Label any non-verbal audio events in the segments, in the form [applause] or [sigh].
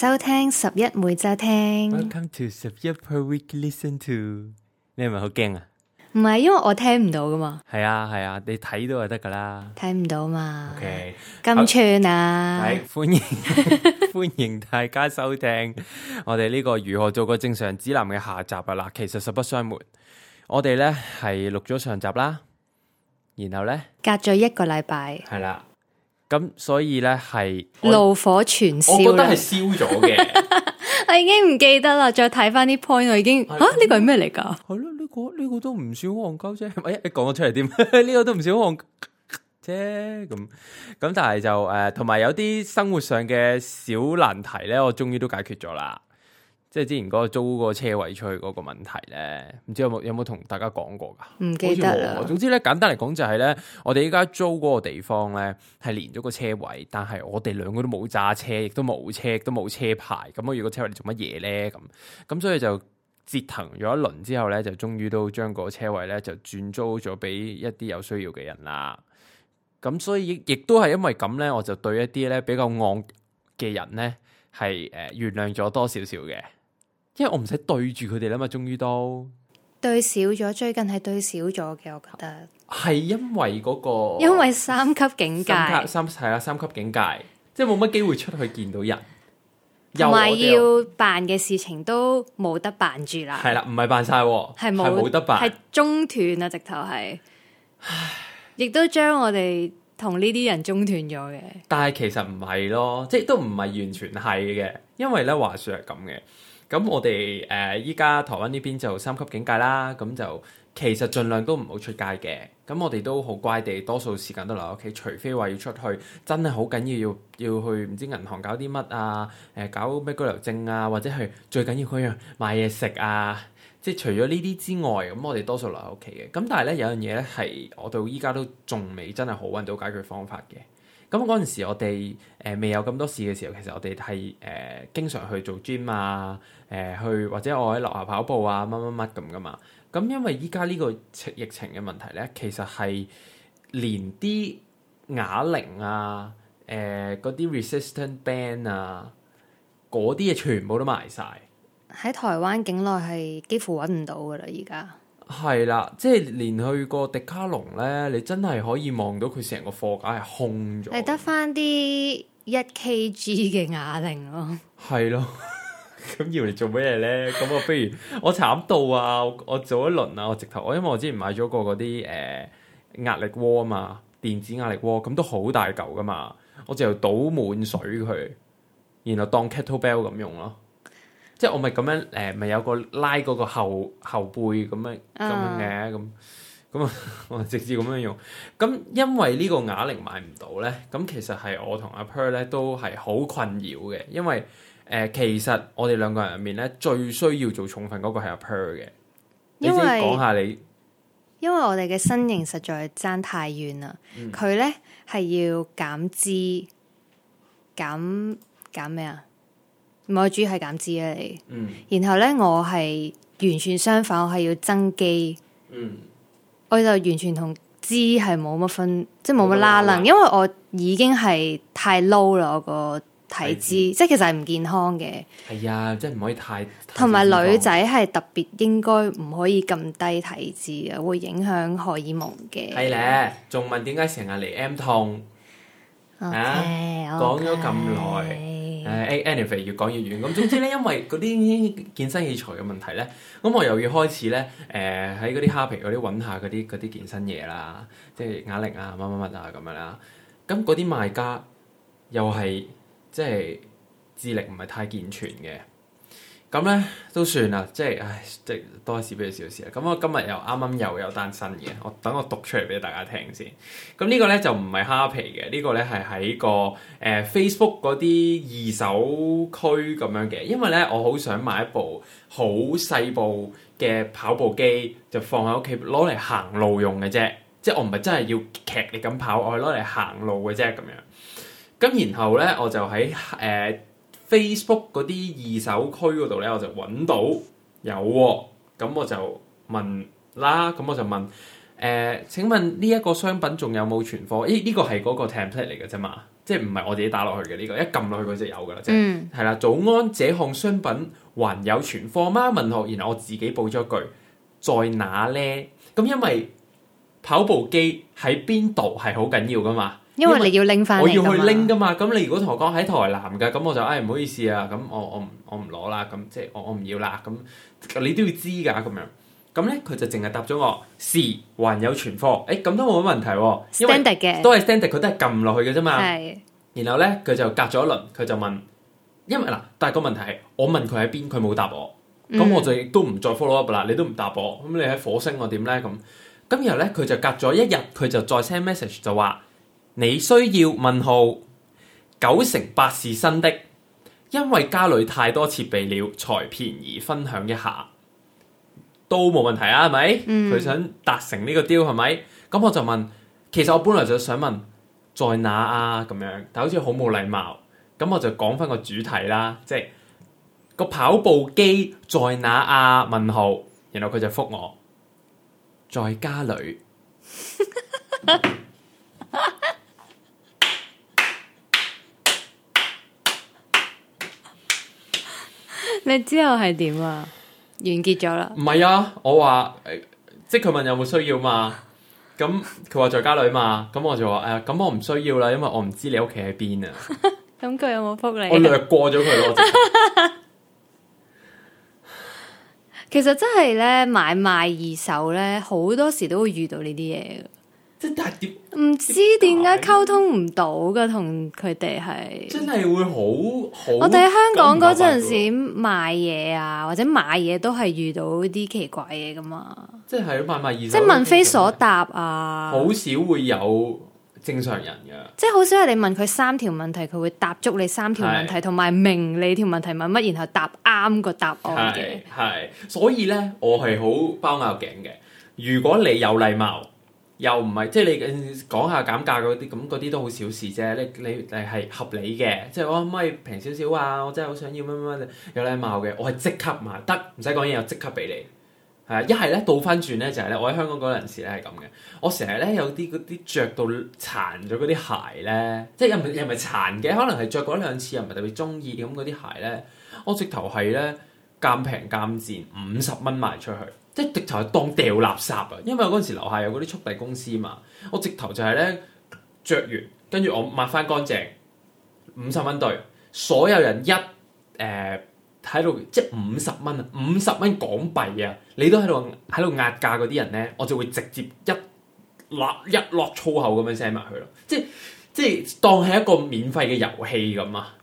收聽十一每周聽。Welcome to 十一 per week listen to。你係咪好驚啊？唔係，因為我聽唔到噶嘛。係啊係啊，你睇到就得噶啦。睇唔到嘛？OK，咁串啊， [laughs] 歡迎歡迎大家收聽 [laughs] 我哋呢個如何做個正常人指南嘅下集啊！嗱，其實實不相瞞，我哋咧係錄咗上集啦，然後咧隔咗一個禮拜係啦。咁所以咧係怒火全燒，我覺得係燒咗嘅。我已經唔記得啦，再睇翻啲 point，我已經吓呢個係咩嚟噶？係咯，呢個呢個都唔算好戇鳩啫。喂、哎，你講得出嚟點？呢 [laughs] 個都唔算好戇鳩啫。咁咁，但係就誒，同、呃、埋有啲生活上嘅小難題咧，我終於都解決咗啦。即係之前嗰個租個車位出去嗰個問題咧，唔知有冇有冇同大家講過㗎？唔記得啊。總之咧，簡單嚟講就係咧，我哋依家租嗰個地方咧係連咗個車位，但係我哋兩個都冇揸車，亦都冇車，都冇車牌。咁我預個車位嚟做乜嘢咧？咁咁所以就折騰咗一輪之後咧，就終於都將個車位咧就轉租咗俾一啲有需要嘅人啦。咁所以亦都係因為咁咧，我就對一啲咧比較戇嘅人咧係誒原諒咗多少少嘅。因為我唔使對住佢哋啦嘛，終於都對少咗。最近係對少咗嘅，我覺得係因為嗰個因為三級警戒，三係啦，三級警戒即係冇乜機會出去見到人，同埋有我要辦嘅事情都冇得辦住啦。係啦，唔係辦晒，係冇冇得辦，係中斷啊，直頭係，唉亦都將我哋同呢啲人中斷咗嘅。但係其實唔係咯，即係都唔係完全係嘅，因為咧話說係咁嘅。咁我哋誒依家台灣呢邊就三級警戒啦，咁就其實盡量都唔好出街嘅。咁我哋都好乖地，多數時間都留喺屋企，除非話要出去，真係好緊要要要去唔知銀行搞啲乜啊，誒搞咩居留證啊，或者係最緊要嗰樣買嘢食啊。即係除咗呢啲之外，咁我哋多數留喺屋企嘅。咁但係咧有樣嘢咧係我到依家都仲未真係好揾到解決方法嘅。咁嗰陣時我，我哋誒未有咁多事嘅時候，其實我哋係誒經常去做 gym 啊，誒、呃、去或者我喺樓下跑步啊，乜乜乜咁噶嘛。咁、嗯、因為依家呢個疫情嘅問題咧，其實係連啲啞鈴啊、誒嗰啲 resistant band 啊，嗰啲嘢全部都賣晒。喺台灣境內係幾乎揾唔到噶啦，而家。係啦，即係連去過迪卡龍咧，你真係可以望到佢成個貨架係空咗，你得翻啲一 KG 嘅啞鈴咯。係咯是的，咁 [laughs] 要嚟做咩咧？咁我不如我慘到啊，我做一輪啊，我直頭，我因為我之前買咗個嗰啲誒壓力鍋啊嘛，電子壓力鍋，咁都好大嚿噶嘛，我就由倒滿水佢，然後當 kettlebell 咁用咯。即係我咪咁樣誒，咪、呃、有個拉嗰個後後背咁樣咁、啊、樣嘅咁，咁啊 [laughs] 直接咁樣用。咁因為個呢個啞鈴買唔到咧，咁其實係我同阿 Pear 咧都係好困擾嘅，因為誒、呃、其實我哋兩個人入面，咧最需要做重訓嗰個係阿 Pear 嘅。因為你先講下你，因為我哋嘅身形實在爭太遠啦，佢咧係要減脂、減減咩啊？唔係我主要係減脂啊，你，嗯、然後咧我係完全相反，我係要增肌，嗯、我就完全同脂係冇乜分，即係冇乜拉楞，哦、因為我已經係太 low 啦，我個體脂，體脂即係其實係唔健康嘅。係啊、哎，即係唔可以太。同埋女仔係特別應該唔可以咁低體脂嘅，會影響荷爾蒙嘅。係咧，仲問點解成日嚟 M 痛？Okay, 啊，講咗咁耐。誒、uh, anyway 越講越遠，咁總之咧，因為嗰啲健身器材嘅問題咧，咁 [laughs] 我又要開始咧，誒喺嗰啲蝦皮嗰啲揾下嗰啲啲健身嘢啦，即係啞鈴啊乜乜乜啊咁樣啦，咁嗰啲賣家又係即係智力唔係太健全嘅。咁咧都算啦，即係，唉，即係多一事不如少事啦。咁我今日又啱啱又有單新嘅，我等我讀出嚟俾大家聽先。咁呢個咧就唔係蝦皮嘅，這個、呢個咧係喺個誒 Facebook 嗰啲二手區咁樣嘅。因為咧我好想買一部好細部嘅跑步機，就放喺屋企攞嚟行路用嘅啫。即係我唔係真係要劇烈咁跑，我係攞嚟行路嘅啫咁樣。咁然後咧我就喺誒。呃 Facebook 嗰啲二手區嗰度咧，我就揾到有、哦，咁我就問啦，咁我就問誒、呃，請問呢一個商品仲有冇存貨？咦，呢、這個係嗰個 template 嚟嘅啫嘛，即係唔係我自己打落去嘅呢、這個？一撳落去佢就有噶啦，即係係啦。早安，這項商品還有存貨嗎？問號，然後我自己補咗一句，在哪咧？咁、嗯、因為跑步機喺邊度係好緊要噶嘛。因為你要拎翻，我要去拎噶嘛。咁、嗯、你如果同我哥喺台南嘅，咁我就唉唔、哎、好意思啊。咁我我我唔攞啦。咁即係我我唔要啦。咁你都要知噶咁樣。咁咧佢就淨係答咗我，是還有存科。哎」誒咁都冇乜問題、啊因為。s t 都係 Standard，佢都係撳落去嘅啫嘛。然後咧佢就隔咗一輪，佢就問，因為嗱，但係個問題係我問佢喺邊，佢冇答我。咁、嗯、我就亦都唔再 follow up 啦。你都唔答我，咁你喺火星我點咧？咁，然日咧佢就隔咗一日，佢就再 send message 就話。你需要問號？九成八是新的，因為家裏太多設備了，才便宜分享一下，都冇問題啊，係咪？佢、嗯、想達成呢個 deal，e 係咪？咁、嗯、我就問，其實我本來就想問，在哪啊？咁樣，但好似好冇禮貌，咁、嗯嗯嗯、我就講翻個主題啦，即係個跑步機在哪啊？問號，然後佢就覆我，在家裏。 [laughs] 你之後係點啊？完結咗啦？唔係啊，我話即係佢問有冇需要嘛？咁佢話在家裏嘛？咁我就話誒，咁、啊、我唔需要啦，因為我唔知你屋企喺邊啊。咁佢、 [laughs] 嗯、有冇覆你、啊？我略過咗佢咯。我 [laughs] 其實真係咧買賣二手咧，好多時都會遇到呢啲嘢。即係點唔知點解溝通唔到噶？同佢哋係真係會好，好我哋喺香港嗰陣時買嘢啊，或者買嘢都係遇到啲奇怪嘢噶嘛。即係賣賣二手，即係問非所答啊！好少會有正常人噶，即係好少係你問佢三條問題，佢會答足你三條問題，同埋是明你條問題問乜，然後答啱個答案。係係，所以咧，我係好包拗頸嘅。如果你有禮貌。又唔係，即係你講下減價嗰啲，咁嗰啲都好小事啫。你你係合理嘅，即係我可唔可以平少少啊？我真係好想要乜乜乜，有禮貌嘅，我係即刻買得，唔使講嘢就即刻俾你。係啊，一係咧倒翻轉咧就係咧，我喺香港嗰陣時咧係咁嘅。我成日咧有啲嗰啲着到殘咗嗰啲鞋咧，即係又唔又唔係殘嘅，可能係着過一兩次又唔係特別中意嘅咁嗰啲鞋咧，我直頭係咧減平減賤五十蚊賣出去。即直頭係當掉垃圾啊！因為我嗰陣時樓下有嗰啲速遞公司嘛，我直頭就係咧着完，跟住我抹翻乾淨，五十蚊對，所有人一誒喺度，即係五十蚊啊，五十蚊港幣啊，你都喺度喺度壓價嗰啲人咧，我就會直接一,一落一落粗口咁樣 send 埋去咯。即係即係當係一個免費嘅遊戲咁啊！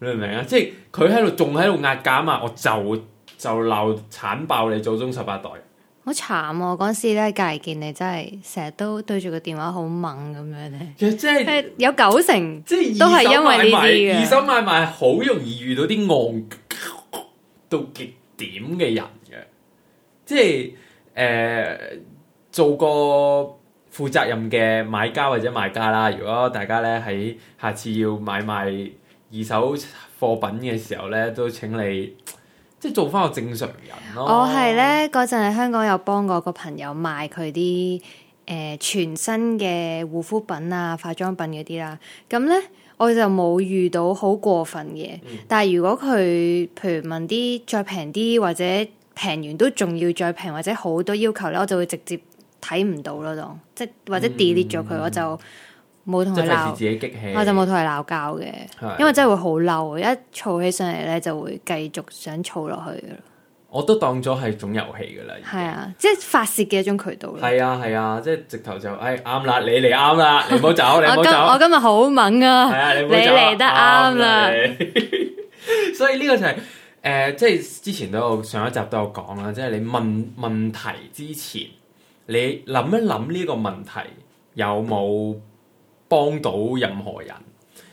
[laughs] 你明唔明啊？即係佢喺度仲喺度壓價啊嘛，我就。就鬧慘爆你祖宗十八代，好慘啊！我嗰時咧隔離見你，真係成日都對住個電話好猛咁樣咧。其實、即係、有九成，即係二手買賣，二手買賣好容易遇到啲戇到極點嘅人嘅。即係誒，做個負責任嘅買家或者賣家啦。如果大家咧喺下次要買賣二手貨品嘅時候咧，都請你。即係做翻個正常人咯。我係咧嗰陣喺香港有幫過個朋友賣佢啲誒全新嘅護膚品啊、化妝品嗰啲啦。咁咧我就冇遇到好過分嘅嘢。嗯、但係如果佢譬如問啲再平啲或者平完都仲要再平或者好多要求咧，我就會直接睇唔到咯，當即、嗯、或者 delete 咗佢我就。冇同佢鬧，自己激氣，我就冇同佢鬧交嘅，的因為真係會好嬲，一嘈起上嚟咧就會繼續想嘈落去嘅啦。我都當咗係種遊戲噶啦，係啊，即係發洩嘅一種渠道。係啊係啊，即係直頭就，哎，啱啦，你嚟啱啦，你唔好走，你唔好走 [laughs] 我今日好猛啊，係啊，你嚟得啱啦對。 [laughs] 所以呢個就係、是、誒、呃，即係之前都有上一集都有講啦，即、就、係、是、你問問題之前，你諗一諗呢個問題有冇？幫到任何人，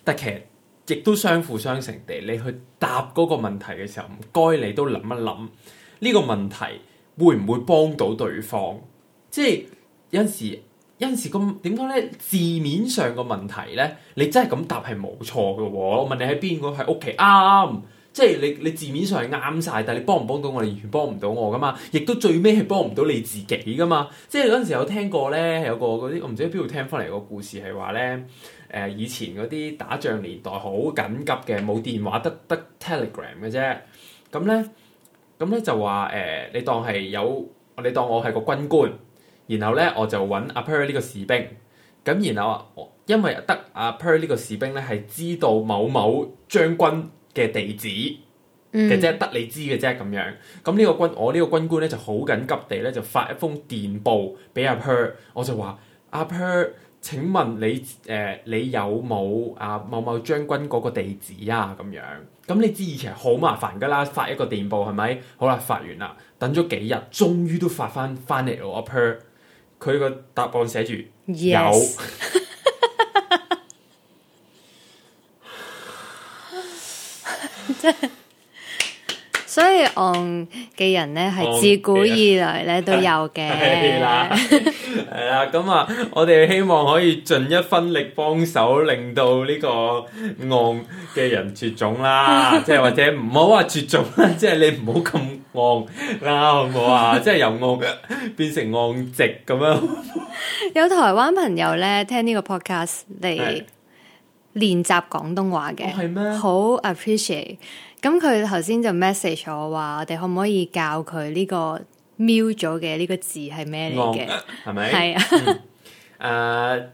但其實亦都相輔相成地，你去答嗰個問題嘅時候，唔該你都諗一諗呢、這個問題會唔會幫到對方？即係有陣時，有陣時個點講咧？字面上個問題咧，你真係咁答係冇錯嘅。我問你喺邊個？喺屋企啱。啊嗯即係你你字面上係啱晒，但係你幫唔幫到我，你完全幫唔到我噶嘛，亦都最尾係幫唔到你自己噶嘛。即係嗰陣時有聽過咧，有個嗰啲我唔知喺邊度聽翻嚟個故事係話咧，誒、呃、以前嗰啲打仗年代好緊急嘅，冇電話得得 Telegram 嘅啫。咁咧咁咧就話誒、呃，你當係有你當我係個軍官，然後咧我就揾阿 Perri 呢個士兵，咁然後因為得阿 Perri 呢個士兵咧係知道某某將軍嘅地址，嘅、嗯、即得你知嘅啫咁樣。咁、嗯、呢、呢個軍，我個呢個軍官咧就好緊急地咧就發一封電報俾阿 Per，我就話阿 Per，請問你誒、呃、你有冇啊某某將軍嗰個地址啊咁樣？咁、嗯嗯、你知以前好麻煩噶啦，發一個電報係咪？好啦，發完啦，等咗幾日，終於都發翻翻嚟我阿 Per，佢個答案寫住有。Yes. [laughs] 所以戇嘅人咧，係自古以來咧都有嘅。係啦，係啦，咁啊，我哋希望可以盡一分力幫手，令到呢個戇嘅人絕種啦。即係或者唔好話絕種啦，即係你唔好咁戇啦，好唔好啊？即係由戇變成戇直咁樣。有台灣朋友咧，聽呢個 podcast 你。練習廣東話嘅，咩、哦？好 appreciate。咁佢頭先就 message 我話，我哋可唔可以教佢呢個瞄咗嘅呢個字係咩嚟嘅？係咪、嗯？係啊。誒，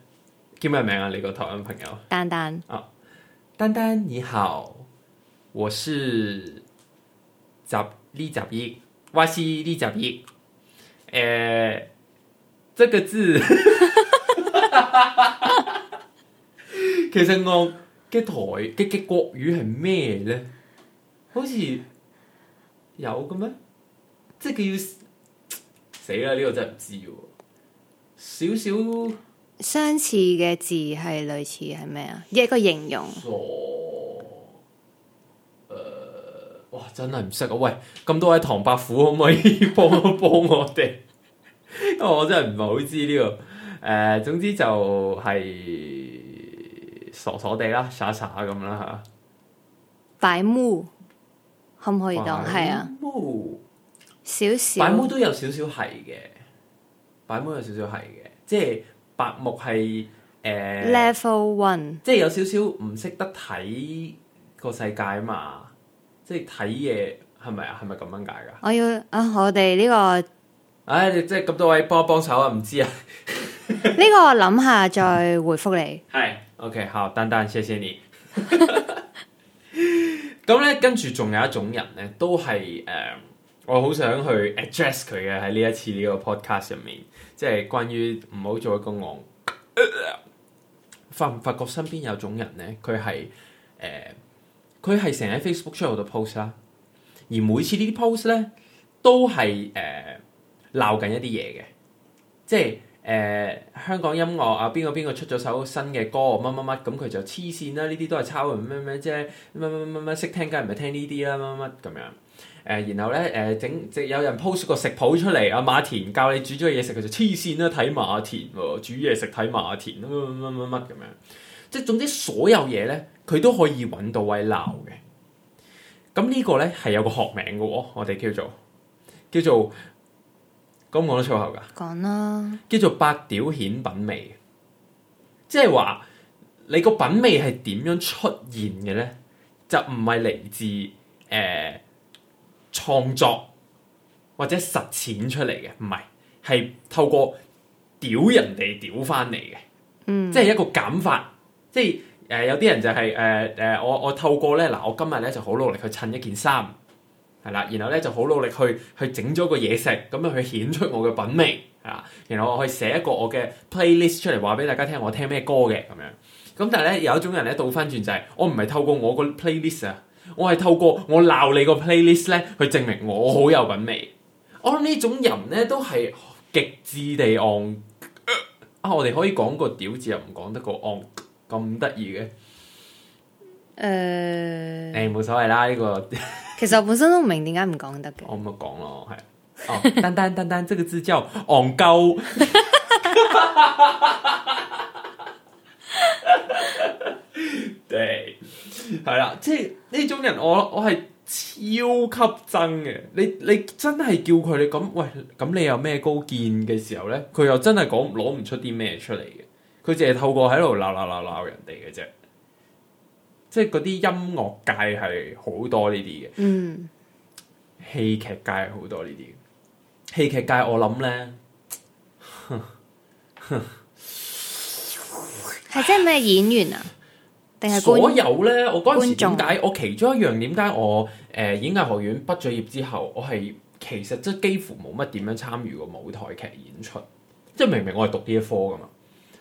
叫咩名啊？你個台灣朋友？丹丹。哦，oh, 丹丹你好，我是扎呢扎比，Y C 呢扎比。誒，即、呃這個字。 [laughs] [laughs] [laughs] 其實我嘅台嘅嘅國語係咩咧？好似有嘅咩？即係佢要死啦！呢、這個真係唔知喎。少少相似嘅字係類似係咩啊？一個形容。傻、呃。哇！真係唔識啊！喂，咁多位唐伯虎可唔可以幫幫我哋？因為 [laughs] [laughs] 我真係唔係好知呢、這個。誒、呃，總之就係、是。傻傻地啦，傻傻咁啦吓，白目可唔可以當係啊？少少白目都有少少係嘅，白目有少少係嘅，即係白目係誒 level one，即係有少少唔識得睇個世界啊嘛，即係睇嘢係咪啊？係咪咁樣解噶？我要啊，我哋呢、這個，唉、哎，即係咁多位幫幫手啊？唔知啊，呢 [laughs] 個我諗下再回覆你係。 [laughs] 哎 OK，好，丹丹，謝謝你。咁 [laughs] 咧， [laughs] 跟住仲有一種人咧，都係誒、呃，我好想去 address 佢嘅喺呢一次呢個 podcast 入面，即係關於唔好做一個 on9。發唔發覺身邊有種人咧，佢係誒，佢、呃、係成日喺 Facebook 出好多 post 啦，而每次呢啲 post 咧，都係誒鬧緊一啲嘢嘅，即係。誒、呃、香港音樂啊，邊個邊個出咗首新嘅歌乜乜乜咁，佢就黐線啦！呢啲都係抄嘅咩咩啫，乜乜乜乜乜識聽梗係唔係聽呢啲啦乜乜乜，咁樣誒、呃，然後咧誒、呃、整即有人 post 個食譜出嚟，阿、啊、馬田教你煮咗嘢食，佢就黐線啦！睇馬田、啊、煮嘢食睇馬田乜乜乜乜乜咁樣，即係總之所有嘢咧，佢都可以揾到位鬧嘅。咁呢個咧係有個學名嘅喎，我哋叫做叫做。叫做咁講得粗口噶？講啦吧，叫做八屌顯品味，即係話你個品味係點樣出現嘅咧？就唔係嚟自誒創作或者實踐出嚟嘅，唔係係透過屌人哋屌翻嚟嘅，即係、嗯、一個減法，即係誒有啲人就係誒誒我我透過咧嗱，我今日咧就好努力去襯一件衫。係啦，然後咧就好努力去去整咗個嘢食，咁啊去顯出我嘅品味啊！然後我去寫一個我嘅 playlist 出嚟，話俾大家聽我聽咩歌嘅咁樣。咁但係咧有一種人咧倒翻轉就係、是，我唔係透過我個 playlist 啊，我係透過我鬧你個 playlist 咧去證明我好有品味。我諗呢種人咧都係極致地 on 啊、呃！我哋可以講個屌字又唔講得個 on 咁得意嘅。誒，誒、呃，冇、欸、所謂啦呢、這個，其實我本身都唔明點解唔講得嘅、就是，我冇講咯，係，哦，丹丹丹丹，這個字叫戇鳩，對，係啦，即係呢種人，我我係超級憎嘅，你你真係叫佢，你咁喂，咁你有咩高見嘅時候咧，佢又真係講攞唔出啲咩出嚟嘅，佢淨係透過喺度鬧鬧鬧鬧人哋嘅啫。即係嗰啲音樂界係好多呢啲嘅，嗯，戲劇界係好多呢啲。戲劇界我諗咧，係即係咩演員啊？定係所有咧？我嗰陣時點解衆我其中一樣點解我誒、呃、演藝學院畢咗業之後，我係其實即係幾乎冇乜點樣參與過舞台劇演出，即係明明我係讀呢一科㗎嘛。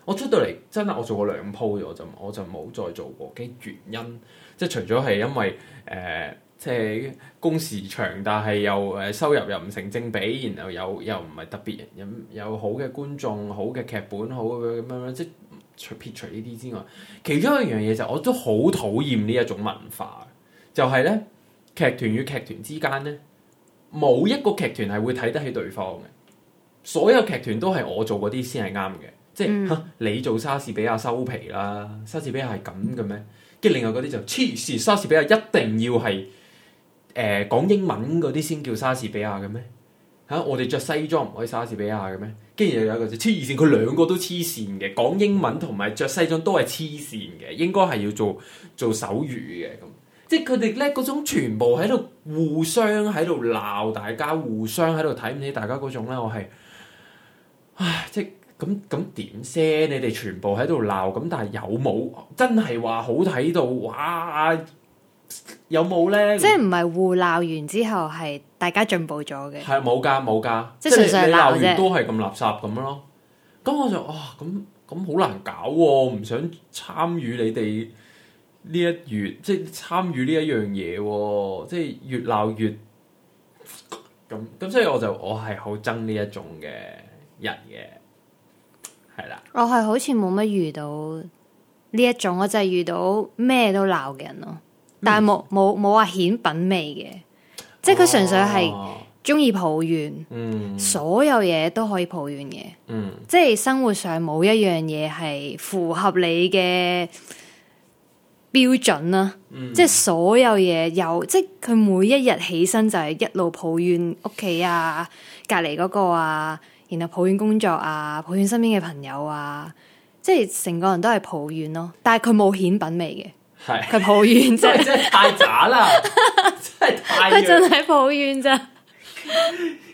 我出到嚟真係我做過兩鋪咗，就我就冇再做過。嘅原因即係除咗係因為誒，即係工時長，但係又誒收入又唔成正比，然後又又唔係特別人有有好嘅觀眾、好嘅劇本、好咁樣樣。即撇除呢啲之外，其中一樣嘢就是、我都好討厭呢一種文化，就係、是、咧劇團與劇團之間咧，冇一個劇團係會睇得起對方嘅，所有劇團都係我做嗰啲先係啱嘅。即係嚇、嗯啊，你做莎士比亞收皮啦！莎士比亞係咁嘅咩？跟住另外嗰啲就黐線，莎士比亞一定要係誒講英文嗰啲先叫莎士比亞嘅咩？嚇，我哋着西裝唔可以莎士比亞嘅咩？跟住又有個就黐線，佢兩個都黐線嘅，講英文同埋着西裝都係黐線嘅，應該係要做做手語嘅咁。即係佢哋咧嗰種全部喺度互相喺度鬧，大家互相喺度睇唔起大家嗰種咧，我係唉即係。咁咁點先？你哋全部喺度鬧，咁但係有冇真係話好睇到哇？有冇咧？即係唔係互鬧完之後係大家進步咗嘅？係冇㗎，冇㗎，即係你鬧完都係咁垃圾咁樣咯。咁我就哇，咁咁好難搞喎、啊！唔想參與你哋呢一月，即係參與呢一樣嘢喎。即係越鬧越咁咁，所以我就我係好憎呢一種嘅人嘅。我係好似冇乜遇到呢一種，我就係遇到咩都鬧嘅人咯，但係冇冇冇話顯品味嘅，即係佢純粹係中意抱怨，嗯，所有嘢都可以抱怨嘅，嗯，即係生活上冇一樣嘢係符合你嘅標準啦，啊，嗯，即係所有嘢有，即係佢每一日起身就係一路抱怨屋企啊，隔籬嗰個啊。然後抱怨工作啊，抱怨身邊嘅朋友啊，即係成個人都係抱怨咯。但係佢冇顯品味嘅，係佢是抱怨 [laughs] 真太 [laughs] 真係太渣啦，真係太佢真係抱怨咋。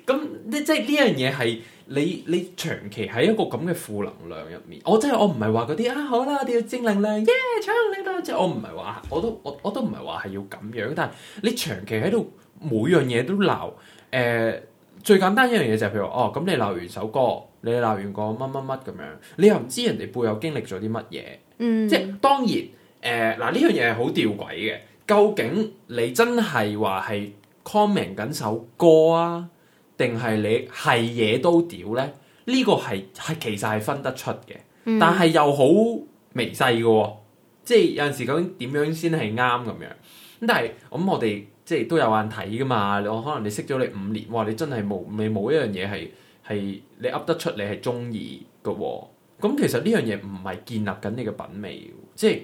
咁，即即係呢樣嘢係你你長期喺一個咁嘅負能量入面。我真係我唔係話嗰啲啊好啦，我哋要正能量，耶、啊，正能量。即係我唔係話，我都我我都唔係話係要咁樣。但係你長期喺度每樣嘢都鬧誒。呃最簡單一樣嘢就係，譬如哦，咁、嗯、你鬧完首歌，你鬧完個乜乜乜咁樣，嗯、你又唔知人哋背後經歷咗啲乜嘢，嗯、即係當然誒嗱呢樣嘢係好吊詭嘅。究竟你真係話係 comment 緊首歌啊，定係你係嘢都屌咧？呢、這個係係其實係分得出嘅，但係又好微細嘅喎、哦，即係有陣時究竟點樣先係啱咁樣。咁但係咁、嗯、我哋。即係都有眼睇噶嘛，你可能你識咗你五年，哇！你真係冇你冇一樣嘢係係你噏得出你，你係中意嘅。咁其實呢樣嘢唔係建立緊你嘅品味。即係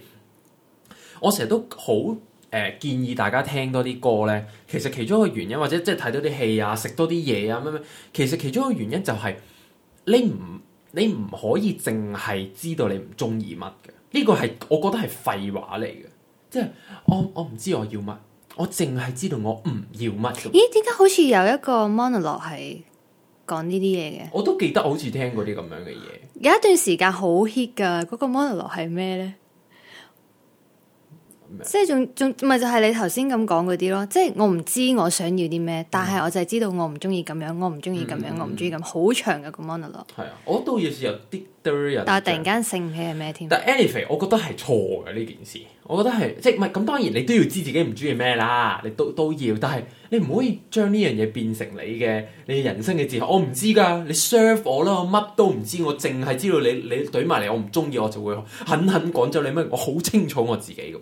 我成日都好誒、呃、建議大家聽多啲歌咧。其實其中一個原因，或者即係睇多啲戲啊、食多啲嘢啊，咩咩。其實其中一個原因就係、是、你唔你唔可以淨係知道你唔中意乜嘅。呢、這個係我覺得係廢話嚟嘅。即係我我唔知我要乜。我淨係知道我唔要乜。咦？點解好似有一個 monologue 係講呢啲嘢嘅？我都記得，好似聽過啲咁樣嘅嘢。有一段時間好 hit 噶，嗰個 monologue 係咩呢？咩？即係仲仲咪就係你頭先咁講嗰啲咯。即係我唔知我想要啲咩，嗯、但係我就係知道我唔中意咁樣，我唔中意咁樣，嗯嗯我唔中意咁。好長嘅個 monologue。係啊，我都有時有啲。There 但係突然間醒唔起係咩添？但係 anyway，我覺得係錯嘅呢件事。我覺得係即係唔係咁，當然你都要知自己唔中意咩啦，你都都要。但係你唔可以將呢樣嘢變成你嘅你嘅人生嘅哲學。我唔知噶，你 serve 我啦，我乜都唔知，我淨係知道你你懟埋嚟，我唔中意，我就會狠狠趕走你乜。我好清楚我自己咁，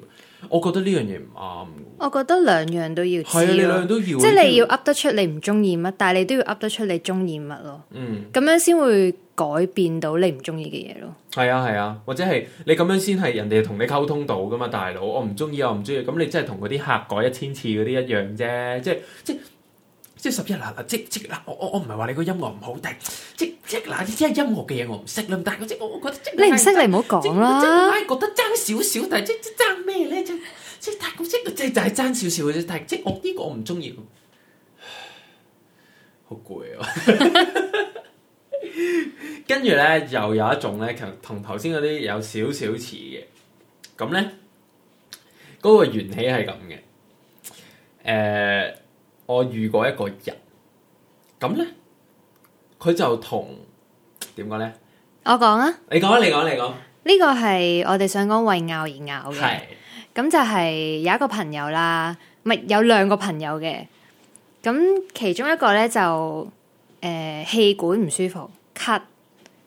我覺得呢樣嘢唔啱。我覺得兩樣、啊啊、樣都要，係啊，你兩樣都要。即係你要噏得出你唔中意乜，但係你都要噏得出你中意乜咯。嗯，咁樣先會。改變到你唔中意嘅嘢咯，係啊係啊，或者係你咁樣先係人哋同你溝通到噶嘛，大佬，我唔中意，我唔中意，咁你真係同嗰啲客改一千次嗰啲一樣啫，即係即係即係十一啦，即即嗱，我我我唔係話你個音樂唔好聽，即即嗱，即係音樂嘅嘢我唔識啦，但係即我我覺得即你唔識你唔好講啦，即係覺得爭少少，但係即即爭咩咧，即即太過即就係爭少少啫，但係即我呢個我唔中意，好攰啊。 [laughs] 跟住咧，又有一種咧，其實同頭先嗰啲有少少似嘅。咁咧，嗰、嗰個緣起係咁嘅。誒、呃，我遇過一個人，咁咧，佢就同點講咧？呢我講啊，你講，你講，你講。呢個係我哋想講為拗而拗嘅。係是，咁就係有一個朋友啦，咪有兩個朋友嘅。咁其中一個咧就。誒，氣、呃、管唔舒服，咳，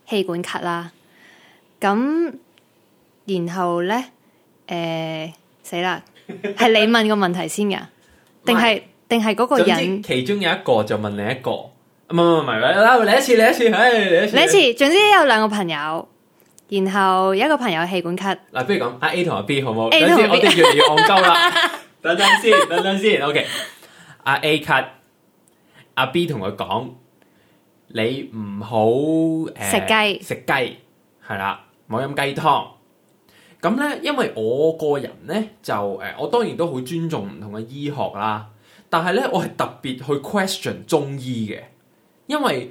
氣管咳啦。咁、啊、然後咧，誒、呃，死啦，係你問個問題先噶，定係定係嗰個人？其中有一個就問另一個，唔唔唔唔，啦，嚟一次，嚟一次，誒、哎，嚟一次，一次 [laughs] 總之有兩個朋友，然後一個朋友氣管咳。嗱，不如講，阿 A 同阿 B 好唔好？A 同和 B 我要澳洲啦。等等先，等等先 [laughs] ，OK cut,。阿 A 咳，阿 B 同佢講。你唔好、呃、雞食雞，食雞係啦，冇飲雞湯。咁咧，因為我個人咧就誒、呃，我當然都好尊重唔同嘅醫學啦。但係咧，我係特別去 question 中醫嘅，因為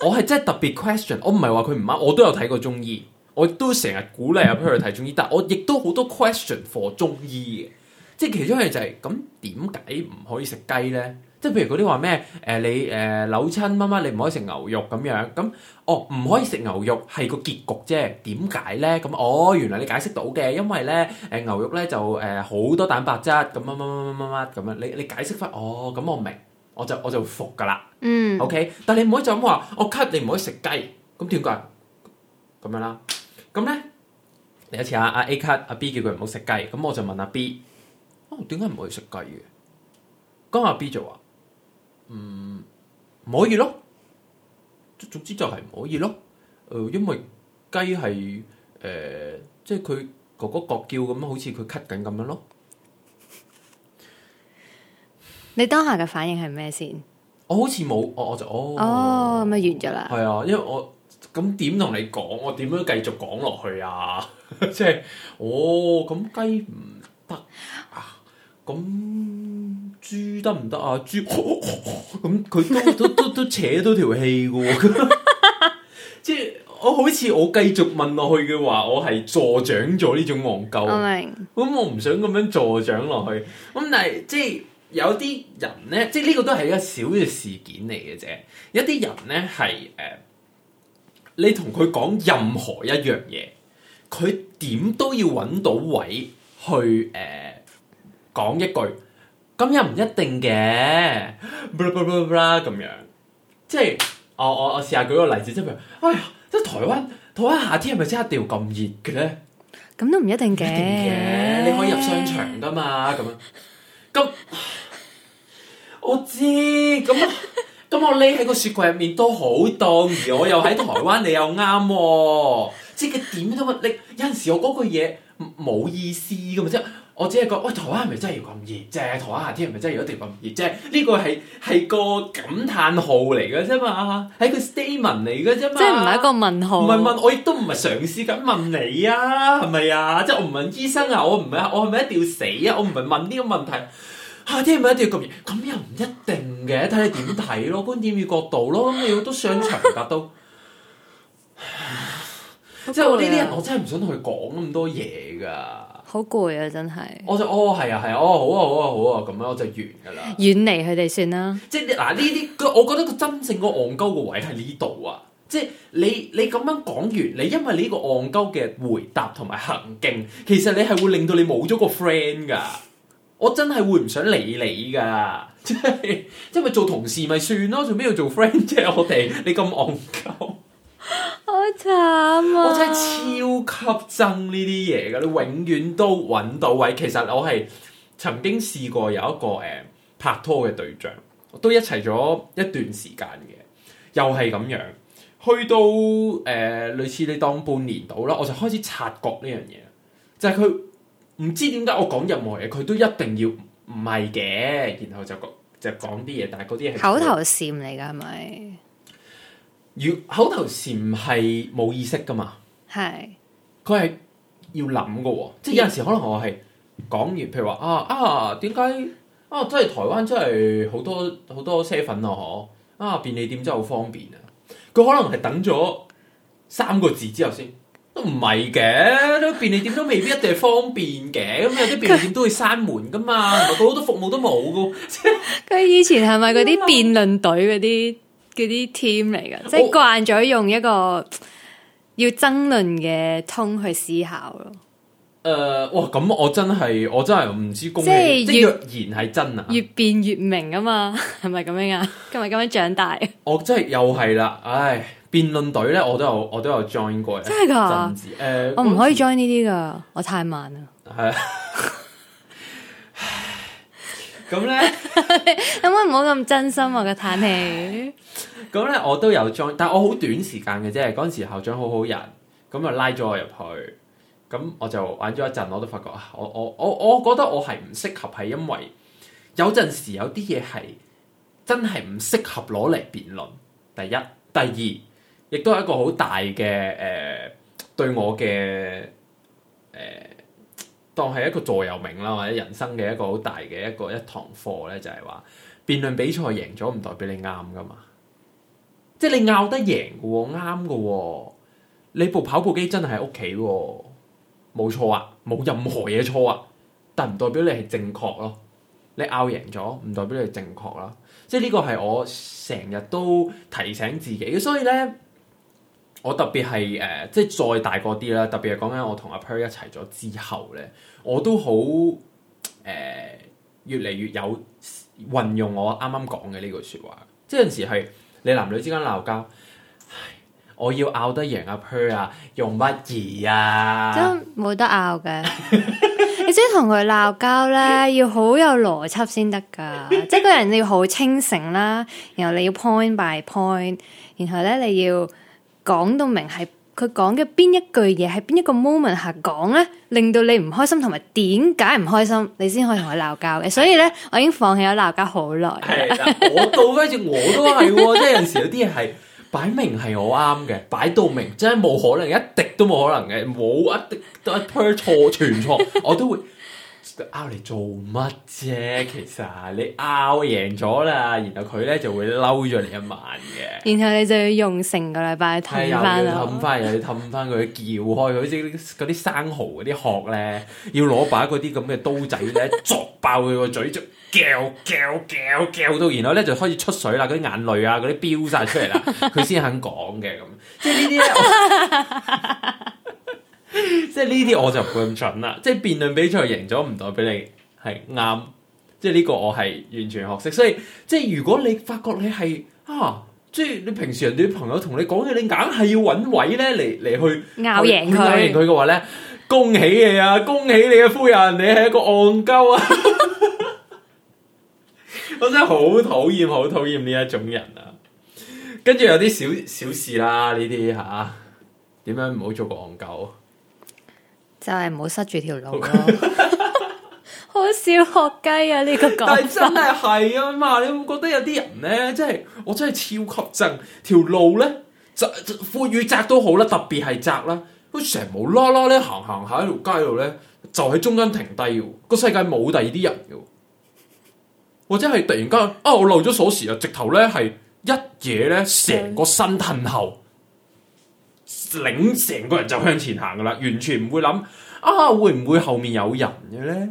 我係真係特別 question。我唔係話佢唔啱，我都有睇過中醫，我都成日鼓勵阿佩去睇中醫。但係我亦都好多 question for 中醫嘅，即係其中一樣就係、是、咁，點解唔可以食雞咧？即係譬如嗰啲話咩？誒你誒扭親乜乜，你唔可以食牛肉咁樣。咁哦唔可以食牛肉係個結局啫。點解咧？咁哦，原來你解釋到嘅，因為咧誒牛肉咧就誒好多蛋白質咁乜乜乜乜乜咁樣。你你解釋翻哦，咁我明，我就我就服噶啦。嗯。OK，但你唔可以就咁話，我 cut 你唔可以食雞，咁點解咁樣啦。咁咧，有一次啊！阿 A cut，阿 B 叫佢唔好食雞。咁我就問阿 B，哦，點解唔可以食雞嘅？剛阿 B 就話。唔，唔、嗯、可以咯。總之就係唔可以咯。誒、呃，因為雞係誒，即係佢嗰嗰嗰叫咁，好似佢咳緊咁樣咯。你當下嘅反應係咩先？我好似冇，我我就哦，咁咪完咗啦。係啊，因為我咁點同你講？我點樣繼續講落去啊？即 [laughs] 係、就是，哦咁雞唔得啊，咁。豬得唔得啊？豬咁佢都都都都扯到條氣嘅喎，即 [laughs] 係我好似我繼續問落去嘅話，我係助長咗呢種戇鳩。咁、 [noise] 嗯、我唔想咁樣助長落去。咁但係即係有啲人咧，即係呢個都係一個小嘅事件嚟嘅啫。一啲人咧係誒，你同佢講任何一樣嘢，佢點都要揾到位去誒講、呃、一句。咁又唔一定嘅，咁 [laughs] 樣，即係我我我試下舉個例子，即係譬如，哎呀，即係台灣台灣夏天係咪即刻掉咁熱嘅咧？咁都唔一定嘅，嘅？ [laughs] 你可以入商場噶嘛？咁啊，咁我知，咁咁我匿喺個雪櫃入面都好凍，而我又喺台灣， [laughs] 你又啱喎、哦，即係佢點都，你有陣時我嗰句嘢冇意思噶嘛？即係。我只係覺，喂，台灣係咪真係要咁熱啫？台灣夏天係咪真係、就是、一定要咁熱啫？呢個係係個感嘆號嚟嘅啫嘛，係個 statement 嚟嘅啫嘛。即係唔係一個問號？唔係問，我亦都唔係嘗試緊問你啊，係咪啊？即、就、係、是、我唔問醫生啊，我唔係我係咪一定要死啊？我唔係問呢個問題。夏、啊、天係咪一定要咁熱？咁又唔一定嘅，睇你點睇咯，觀點與角度咯，你都上場噶都。即係我呢啲人，我真係唔想同佢講咁多嘢噶。好攰啊！真係，我就哦係啊係啊哦好啊好啊好啊，咁樣我就完噶啦，遠離佢哋算啦。即係嗱呢啲，我我覺得佢真正個戇鳩嘅位係呢度啊！即係你你咁樣講完，你因為呢個戇鳩嘅回答同埋行徑，其實你係會令到你冇咗個 friend 噶。我真係會唔想理你噶，即係因為做同事咪算咯，做咩要做 friend 啫？我哋你咁戇鳩。好慘啊！我真係超級憎呢啲嘢噶，你永遠都揾到位。其實我係曾經試過有一個誒、呃、拍拖嘅對象，都一齊咗一段時間嘅，又係咁樣。去到誒、呃、類似你當半年度啦，我就開始察覺呢樣嘢，就係佢唔知點解我講任何嘢，佢都一定要唔係嘅，然後就講就講啲嘢，但係嗰啲係口頭禪嚟噶，係咪？要口頭禪係冇意識噶嘛？係是，佢係要諗嘅喎，即係有陣時可能我係講完，譬如話啊啊，點解啊，真係台灣真係好多好多 seven 啊嗬，啊便利店真係好方便啊，佢可能係等咗三個字之後先，都唔係嘅，便利店都未必一定係方便嘅，咁有啲便利店都會閂門噶嘛，唔係，佢好多服務都冇嘅。佢以前係咪嗰啲辯論隊嗰啲、啊？嗰啲 team 嚟噶，即係慣咗用一個要爭論嘅 tone 去思考咯。誒、呃，哇，咁我真係我真係唔知公，即係若然係真啊，越變越明啊嘛，係咪咁樣啊？今日咁樣長大， [laughs] 我真係又係啦，唉，辯論隊咧，我都有我都有 join 過，真係噶，誒，呃、我唔可以 join 呢啲噶，我太慢啦，係。 [laughs] 咁咧， [laughs] [laughs] 可唔可以唔好咁真心啊？嘅嘆氣。咁咧， [laughs] 我都有裝，但我好短時間嘅啫。嗰陣時校長好好人，咁啊拉咗我入去，咁我就玩咗一陣，我都發覺，我我我我覺得我係唔適合，係因為有陣時有啲嘢係真係唔適合攞嚟辯論。第一，第二，亦都係一個好大嘅誒、呃，對我嘅誒。呃當係一個座右銘啦，或者人生嘅一個好大嘅一個一堂課咧，就係話辯論比賽贏咗唔代表你啱噶嘛，即係你拗得贏㗎喎，啱㗎喎，你部跑步機真係喺屋企喎，冇錯啊，冇任何嘢錯啊，但唔代表你係正確咯，你拗贏咗唔代表你係正確啦，即係呢個係我成日都提醒自己嘅，所以咧。我特別係誒、呃，即係再大個啲啦。特別係講緊我同阿 Per 一齊咗之後咧，我都好誒、呃，越嚟越有運用我啱啱講嘅呢句説話。即係有時係你男女之間鬧交，唉，我要拗得贏阿 Per 啊，用乜嘢啊？真冇得拗嘅。 [laughs] 你真係同佢鬧交咧，要好有邏輯先得㗎。 [laughs] 即係個人你要好清醒啦，然後你要 point by point，然後咧你要。講到明係佢講嘅邊一句嘢，係邊一個 moment 下講咧，令到你唔開心同埋點解唔開心，你先可以同佢鬧交嘅。所以咧，我已經放棄咗鬧交好耐。係啦，我到跟住我都係、哦，即係有陣時有啲嘢係擺明係我啱嘅，擺到明真係冇可能，一滴都冇可能嘅，冇一滴都一 push 錯全錯，我都會。 [laughs] 拗嚟做乜啫？其實你拗贏咗啦，然後佢咧就會嬲咗你一晚嘅。然後你就要用成個禮拜氹翻咯。氹翻、哎、又要氹翻佢撬開，好似啲生蠔嗰啲殼咧，要攞把嗰啲咁嘅刀仔咧，砸爆佢個嘴，就撬撬撬撬到，然後咧就開始出水啦，嗰啲眼淚啊，嗰啲飆晒出嚟啦，佢先 [laughs] 肯講嘅咁。即係呢啲。 [laughs] 即係呢啲我就唔會咁蠢啦， [laughs] 即係辯論比賽贏咗唔代表你係啱，即係呢個我係完全學識，所以即係如果你發覺你係啊，即係你平時人哋朋友同你講嘢，你硬係要搵位咧嚟嚟去拗贏佢，拗贏佢嘅話咧，恭喜你啊，恭喜你啊、啊、夫人，你係一個戇鳩啊！ [laughs] 我真係好討厭好討厭呢一種人啊！跟住有啲小小事啦、啊，呢啲吓，點、啊、樣唔好做個戇鳩？就係唔好塞住條路咯，好 [laughs] [laughs] 少學雞啊！呢個講法，但係真係係啊嘛！你唔覺得有啲人咧，即係我真係超級憎條路咧，窄寬與窄都好啦，特別係窄啦，都成無啦啦咧行行下條街度咧，就喺中間停低個世界冇第二啲人嘅，或者係突然間啊我漏咗鎖匙啊，直頭咧係一嘢咧成個身褪後。擰成個人就向前行噶啦，完全唔會諗啊會唔會後面有人嘅咧？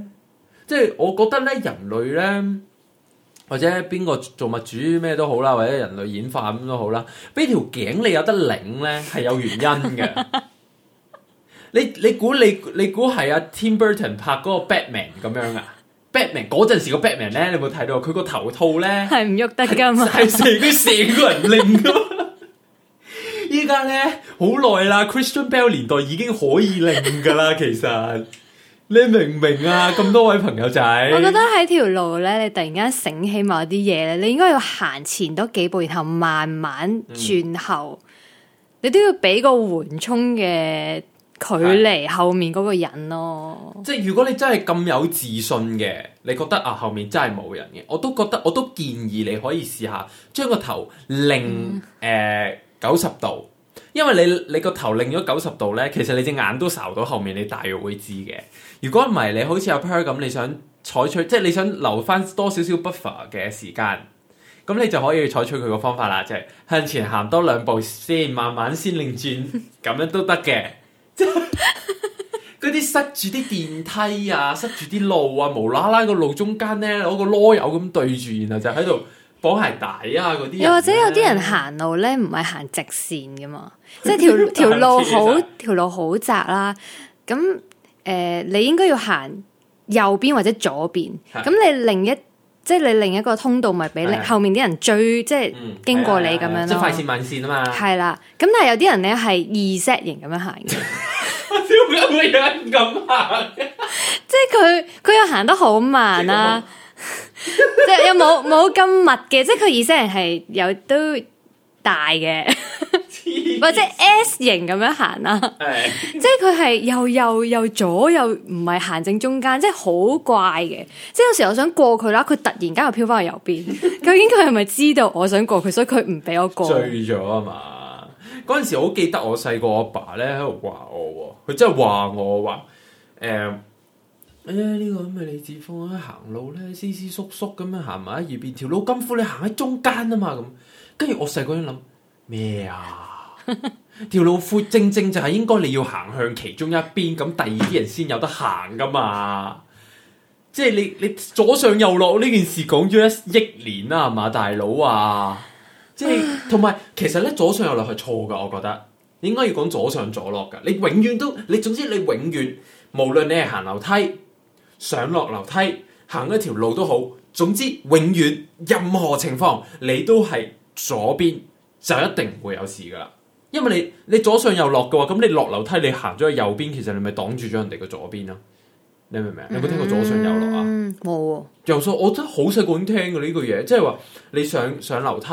即係我覺得咧，人類咧，或者邊個造物主咩都好啦，或者人類演化咁都好啦，俾條頸你有得擰咧係，有原因嘅。你你估你你估係阿 Tim Burton 拍嗰個 Batman 咁樣啊？Batman 嗰陣時個 Batman 咧，你有冇睇到佢個頭套咧？係唔喐得噶嘛？係成個成個人擰噶。依家咧，好耐啦，Christian Bale 年代已經可以擰噶啦， [laughs] 其實你明唔明啊？咁多位朋友仔，我覺得喺條路咧，你突然間醒起某啲嘢咧，你應該要行前多幾步，然後慢慢轉後，嗯、你都要俾個緩衝嘅距離後面嗰個人咯。的即係如果你真係咁有自信嘅，你覺得啊後面真係冇人嘅，我都覺得，我都建議你可以試下將個頭擰誒。嗯呃九十度，因為你你個頭擰咗九十度咧，其實你隻眼都睄到後面，你大約會知嘅。如果唔係，你好似阿 Per 咁，你想採取，即係你想留翻多少少 buffer 嘅時間，咁你就可以採取佢個方法啦，即係向前行多兩步先，慢慢先擰轉，咁樣都得嘅。即係嗰啲塞住啲電梯啊，塞住啲路啊，無啦啦個路中間咧，攞個囉柚咁對住，然後就喺度。講係底啊！啲，又或者有啲人行路咧，唔係行直線噶嘛，即係條條路好條路好窄啦。咁誒、呃，你應該要行右邊或者左邊。咁是的 你另一即係你另一個通道，咪俾的後面啲人追，即係經過你咁樣咯。是的是的快線慢線啊嘛。係啦。 [laughs] 咁但係有啲人咧係 S 型咁樣行，我超級人咁行，即係佢佢又行得好慢啊。 [laughs] 即係有冇冇咁密嘅，即係佢意思係有都大嘅，或者 S 型咁樣行啦、哎。即係佢係又右又左右，唔係行正中間，即係好怪嘅。即係有時候我想過佢啦，佢突然間又飄翻去右邊。究竟佢係咪知道我想過佢，所以佢唔俾我過？追咗啊嘛！嗰陣時好記得，我細個，我爸咧喺度話我，佢真係話我話誒。嗯誒，呢、哎，這個咁嘅李子峰咧、啊、行路咧斯斯縮縮咁樣行埋，一邊 [laughs] 條路咁闊，你行喺中間啊嘛咁。跟住我細個咧諗咩啊？條路闊正正就係應該你要行向其中一邊，咁第二啲人先有得行噶嘛。即係你你左上右落呢件事講咗一億年啦，係嘛大佬啊！即係同埋其實咧左上右落係錯噶，我覺得應該要講左上左落噶。你永遠都你總之你永遠無論你係行樓梯。上落樓梯行一條路都好，總之永遠任何情況你都係左邊就一定唔會有事噶啦，因為你你左上右落嘅話，咁你落樓梯你行咗去右邊，其實你咪擋住咗人哋嘅左邊咯。你明唔明？嗯、你有冇聽過左上右落啊？嗯，冇。右上，我真係好細個咁聽嘅呢句嘢，即係話你上上樓梯，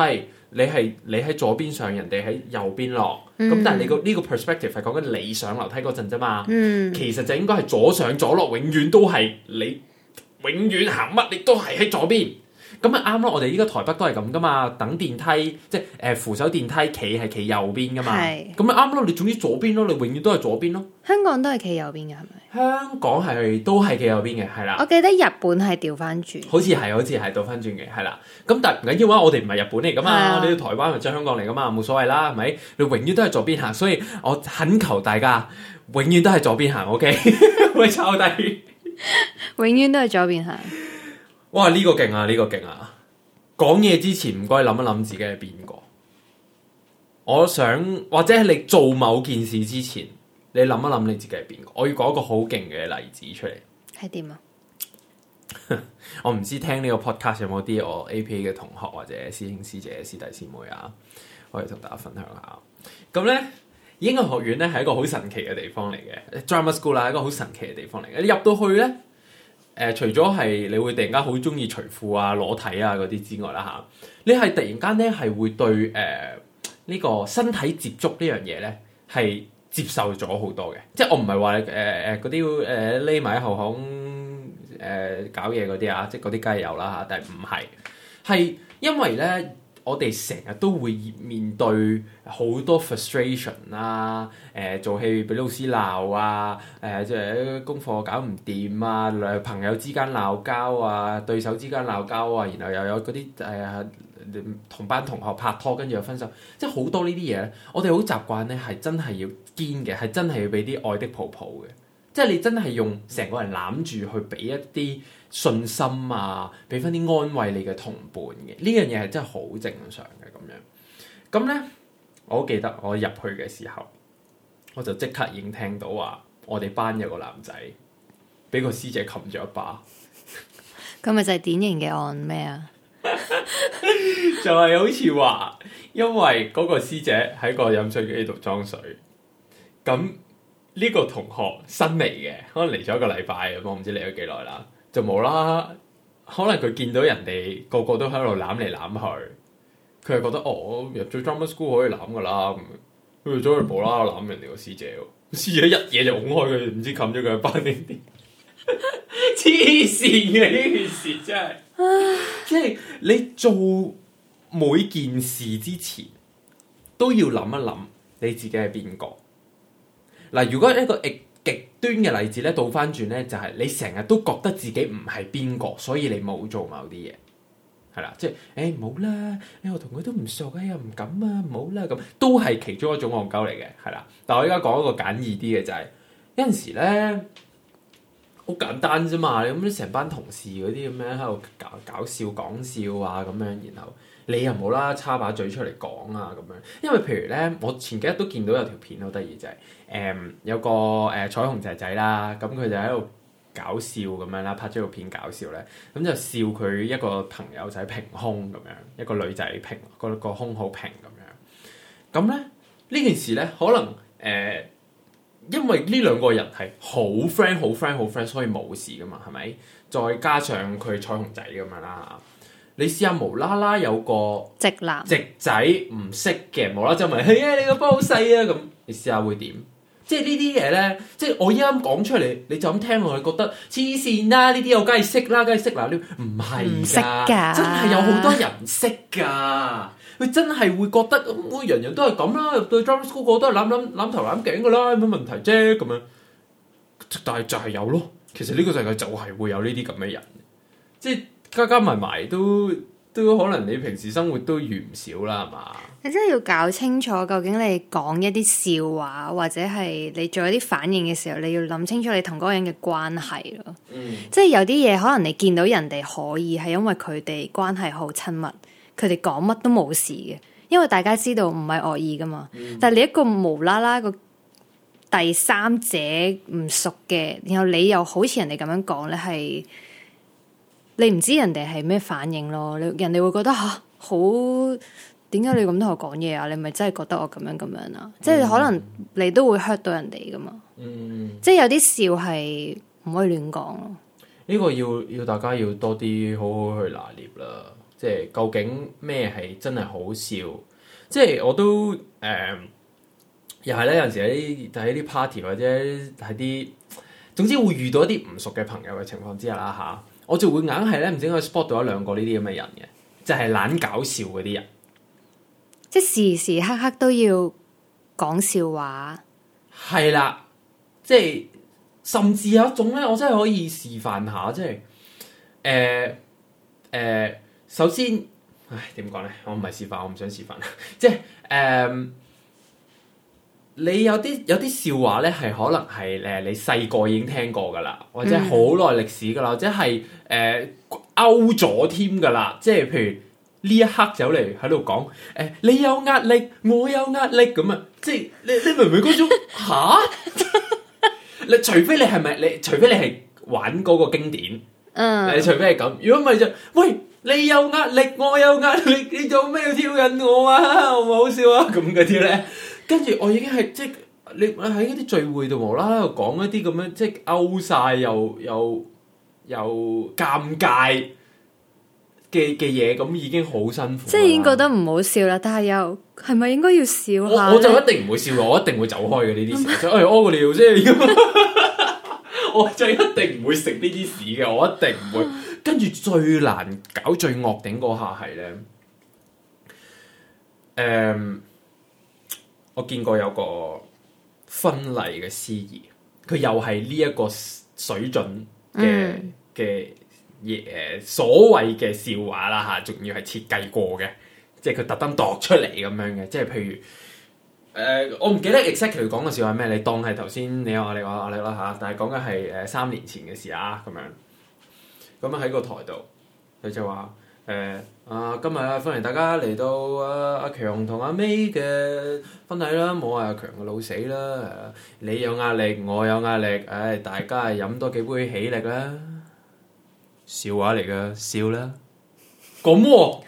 你係你喺左邊上，人哋喺右邊落。咁、嗯、但係你個呢個 perspective 係講緊你上樓梯嗰陣啫嘛。嗯、其實就應該係左上左落，永遠都係你永遠行乜你都係喺左邊。咁咪啱咯，我哋依家台北都係咁噶嘛，等電梯即係誒、呃、扶手電梯，企係企右邊噶嘛。咁咪啱咯，你總之左邊咯，你永遠都係左邊咯。香港都係企右邊嘅係咪？香港係都係企右邊嘅係啦。我記得日本係調翻轉，好似係好似係調翻轉嘅係啦。咁但係唔緊要話我哋唔係日本嚟噶嘛，啊、你要台灣咪就香港嚟噶嘛，冇所謂啦，係咪？你永遠都係左邊行，所以我懇求大家永遠都係左邊行，OK？喂，抄低，永遠都係左邊行。Okay？ [laughs] [laughs] 哇！呢、這個勁啊，呢、這個勁啊！講嘢之前唔該諗一諗自己係邊個。我想或者係你做某件事之前，你諗一諗你自己係邊個。我要講一個好勁嘅例子出嚟，係點啊？ [laughs] 我唔知聽呢個 podcast 有冇啲我、AP、APA 嘅同學或者師兄師姐師弟師妹啊，可以同大家分享下。咁咧，英國學院咧係一個好神奇嘅地方嚟嘅，Drama School 啦、啊，係一個好神奇嘅地方嚟嘅。你入到去咧。誒除咗係你會突然間好中意除褲啊、裸體啊嗰啲之外啦嚇，你係突然間咧係會對誒呢、呃這個身體接觸呢樣嘢咧係接受咗好多嘅，即係我唔係話誒誒嗰啲誒匿埋喺後巷誒、呃、搞嘢嗰啲啊，即係嗰啲梗係有啦嚇，但係唔係係因為咧。我哋成日都會面對好多 frustration 啊，誒、呃、做戲俾老師鬧啊，誒即係功課搞唔掂啊，兩朋友之間鬧交啊，對手之間鬧交啊，然後又有嗰啲誒同班同學拍拖跟住又分手，即係好多呢啲嘢咧。我哋好習慣咧，係真係要堅嘅，係真係要俾啲愛的抱抱嘅，即係你真係用成個人攬住去俾一啲。信心啊，俾翻啲安慰你嘅同伴嘅，呢樣嘢係真係好正常嘅咁樣。咁咧，我記得我入去嘅時候，我就即刻已經聽到話，我哋班有個男仔俾個師姐擒咗一把。咁咪就係典型嘅案咩啊？ [laughs] 就係好似話，因為嗰個師姐喺個飲水機度裝水，咁呢個同學新嚟嘅，可能嚟咗一個禮拜咁，我唔知嚟咗幾耐啦。就冇啦，可能佢見到人哋個個都喺度攬嚟攬去，佢係覺得我入咗 drama school 可以攬噶啦，佢就走去無啦啦攬人哋個師姐喎，師姐一嘢就拱開佢，唔知冚咗佢一班點？黐線嘅呢件事真係，即係你做每件事之前都要諗一諗你自己係邊個。嗱，如果一個端嘅例子咧，倒翻轉咧，就係你成日都覺得自己唔係邊個，所以你冇做某啲嘢，係啦，即係誒唔好啦，誒我同佢都唔熟啊，又唔敢啊，唔好啦咁，都係其中一種戇鳩嚟嘅，係啦。但係我而家講一個簡易啲嘅就係，有陣時咧好簡單啫嘛，你咁啲成班同事嗰啲咁樣喺度搞搞笑講笑啊，咁樣然後。你又冇啦，叉把嘴出嚟講啊咁樣，因為譬如咧，我前幾日都見到有條片好得意，就係、是、誒、嗯、有個誒、呃、彩虹仔仔啦，咁佢就喺度搞笑咁樣啦，拍咗條片搞笑咧，咁就笑佢一個朋友仔平胸咁樣，一個女仔平個胸好平咁樣。咁咧呢件事咧，可能誒、呃，因為呢兩個人係好 friend、好 friend、好 friend, friend，所以冇事噶嘛，係咪？再加上佢彩虹仔咁樣啦。你試下無啦啦有個直男直仔唔識嘅，無啦就問：係啊，你個波好細啊！咁你試下會點？即係呢啲嘢咧，即係我啱啱講出嚟，你就咁聽落去，覺得黐線啦！呢啲我梗係識啦，梗係識啦，你唔係唔識㗎，真係有好多人唔識㗎。佢真係會覺得咁，會人人都係咁啦，入到 drama school 個都係攬攬攬頭攬頸㗎啦，冇問題啫咁樣。但係就係有咯，其實呢個世界就係會有呢啲咁嘅人，即係。加加埋埋都都可能你平時生活都遇唔少啦，係嘛？你真係要搞清楚究竟你講一啲笑話或者係你做一啲反應嘅時候，你要諗清楚你同嗰個人嘅關係咯。嗯、即係有啲嘢可能你見到人哋可以係因為佢哋關係好親密，佢哋講乜都冇事嘅，因為大家知道唔係惡意㗎嘛。嗯、但係你一個無啦啦個第三者唔熟嘅，然後你又好似人哋咁樣講咧，係。你唔知人哋係咩反應咯。你人哋會覺得吓、啊、好？點解你咁同我講嘢啊？你咪真係覺得我咁樣咁樣啊？嗯、即係可能你都會 hurt 到人哋噶嘛。嗯，即係有啲笑係唔可以亂講咯。呢個要要大家要多啲好好去拿捏啦。即係究竟咩係真係好笑？即係我都誒、呃，又係咧，有陣時喺喺啲 party 或者喺啲，總之會遇到一啲唔熟嘅朋友嘅情況之下啦吓。我就會硬係咧，唔知可 spot 到一兩個呢啲咁嘅人嘅，就係懶搞笑嗰啲人，即係時時刻刻都要講笑話。係啦，即係甚至有一種咧，我真係可以示範下，即係誒誒，首先，唉，點講咧？我唔係示範，我唔想示範，即係誒。呃你有啲有啲笑話咧，係可能係誒，你細個已經聽過噶啦，或者好耐歷史噶啦，或者係誒歐咗添噶啦，即係譬如呢一刻走嚟喺度講誒，你有壓力，我有壓力咁啊！即係你你明唔明嗰種吓？你 [laughs] [laughs] 除非你係咪？你除非你係玩嗰個經典，誒，uh, 除非係咁。如果唔係就喂，你有壓力，我有壓力，你做咩要挑釁我啊？好唔好，好笑啊？咁嗰啲咧？跟住我已經係即係你喺嗰啲聚會度無啦啦又講一啲咁樣即係勾晒又又又尷尬嘅嘅嘢，咁已經好辛苦。即係已經覺得唔好笑啦，但係又係咪應該要笑下咧？我，我就一定唔會笑嘅，我一定會走開嘅。呢啲屎，我係屙過尿，即係我就一定唔會食呢啲屎嘅，我一定唔會。跟住 [laughs] 最難搞最惡頂嗰下係咧，誒、um。我見過有個婚禮嘅司儀，佢又係呢一個水準嘅嘅嘢，所謂嘅笑話啦嚇，仲要係設計過嘅，即係佢特登度出嚟咁樣嘅，即係譬如誒、呃，我唔記得 exactly 講嘅笑話係咩，你當係頭先你我你我我你啦嚇，但係講嘅係講緊係誒三年前嘅事啊。咁樣，咁樣喺個台度佢就話。誒啊！今日啊，歡迎大家嚟到阿阿強同阿 May 嘅婚禮啦！冇話阿強嘅老死啦，誒你有壓力，我有壓力，唉！大家係飲多幾杯喜力啦。笑話嚟㗎，笑啦！咁喎，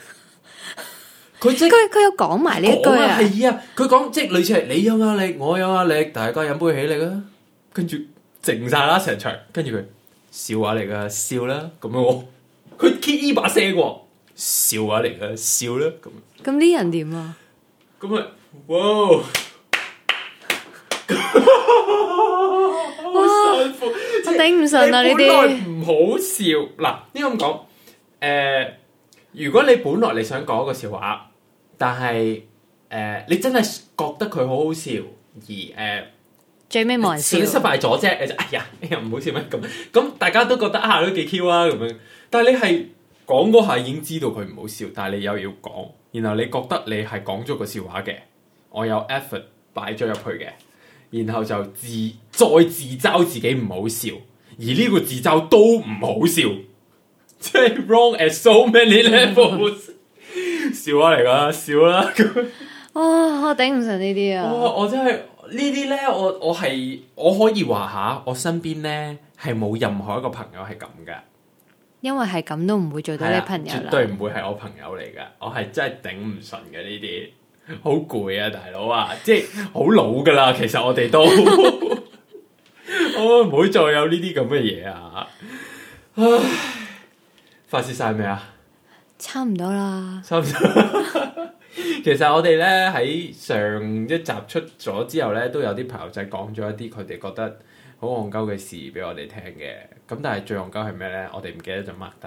佢即佢佢有講埋呢句啊！係啊，佢講即係類似係你有壓力，我有壓力，大家飲杯喜力啊！跟住靜晒啦成場，跟住佢笑話嚟㗎，笑啦！咁樣喎，佢 keep 依把聲喎。笑話嚟，嘅笑啦！咁，咁啲人點啊？咁咪哇，好辛苦，我頂唔順啊！呢啲唔好笑嗱，咁講？誒，如果你本來你想講一個笑話，但係誒，你真係覺得佢好好笑，而誒最尾冇人笑，失敗咗啫。你就哎呀哎呀唔好笑咩咁？咁大家都覺得啊都幾 Q 啊咁樣，但係你係。講嗰下已經知道佢唔好笑，但係你又要講，然後你覺得你係講咗個笑話嘅，我有 effort 擺咗入去嘅，然後就自再自嘲自己唔好笑，而呢個自嘲都唔好笑，即係 wrong as so many levels。笑下嚟噶，笑啦。哇、哦，我頂唔順呢啲啊！哇，我真係呢啲咧，我我係我可以話下，我身邊咧係冇任何一個朋友係咁嘅。因為係咁都唔會做到你朋友啦，絕對唔會係我朋友嚟㗎，我係真係頂唔順嘅呢啲，好攰啊，大佬啊，即係好 [laughs] 老㗎啦，其實我哋都，我唔會再有呢啲咁嘅嘢啊，唉， [laughs] 發洩晒未啊？差唔多啦，差唔多。其實我哋咧喺上一集出咗之後咧，都有啲朋友仔講咗一啲佢哋覺得好戇鳩嘅事俾我哋聽嘅。咁但係最戇鳩係咩咧？我哋唔記得就抹低，